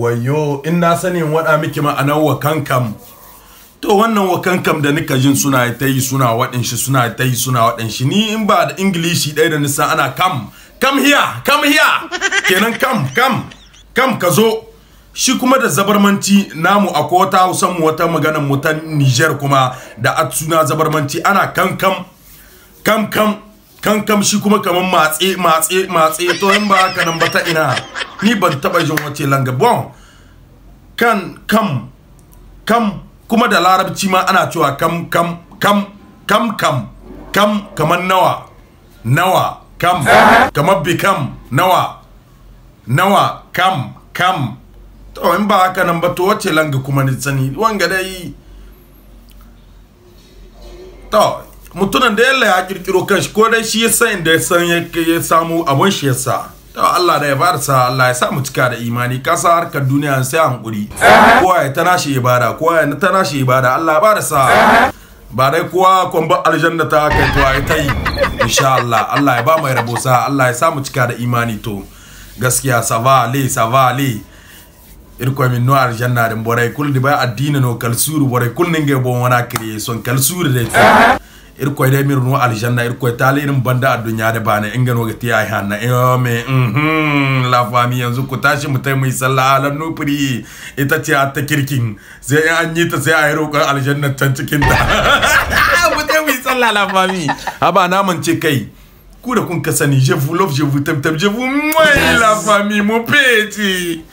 wayo in na sanin wada miki ma'anar wakankam to wannan wakankam da nika jin suna ta yi suna waɗin shi suna ta yi suna waɗin shi ni in ba da ingilishi ɗaya da nisa ana kam kam hiya kam hiya kenan kam kam kam ka zo shi kuma da zabarmanci namu a kota hausan mu wata maganar mu ta Niger kuma da at suna zabarmanci ana kam kam kam kam kam kam shi kuma kaman matse matse matse to in ba haka nan ba ta ina ni ban taba jin wace langa bon kan kam kam kuma da larabci ma ana cewa kam kam kam kam kam kam kamar nawa nawa kam kamar bikam nawa nawa kam kam to in ba haka nan ba to wace langa kuma ni sani wanga dai to mutunan da yalla ya kirkiro kanshi ko dai shi yasa san inda ya san ya samu abun shi ya sa Allah da ya bada sa Allah ya sa mu cika da imani kasa harkar duniya sai hankuri kowa ya tana shi ibada kowa ya tana shi ibada Allah ya bada sa ba dai kowa kwamba aljanna ta kai to ai tai insha Allah Allah ya ba mai rabo sa Allah ya sa mu cika da imani to gaskiya savale savale irko min no aljanna den borai kul di ba addina no kalsuru borai kul ninge bon wana kire son kalsuru dai irkoy de mir no aljanna irkoy tali irin banda a dunya da bana in gano gati ai hanna eh me mhm, la fami yanzu ku tashi mu tai mu sallah ala nufri ita ce ta kirkin sai in an yi ta sai ai roƙon aljanna can cikin ta mu tai mu sallah la fami haba na mun ce kai ku da kun ka sani je vous love je vous t'aime je vous moi la famille mon petit